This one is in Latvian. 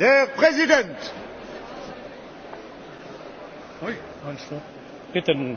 Der Präsident! Bitte.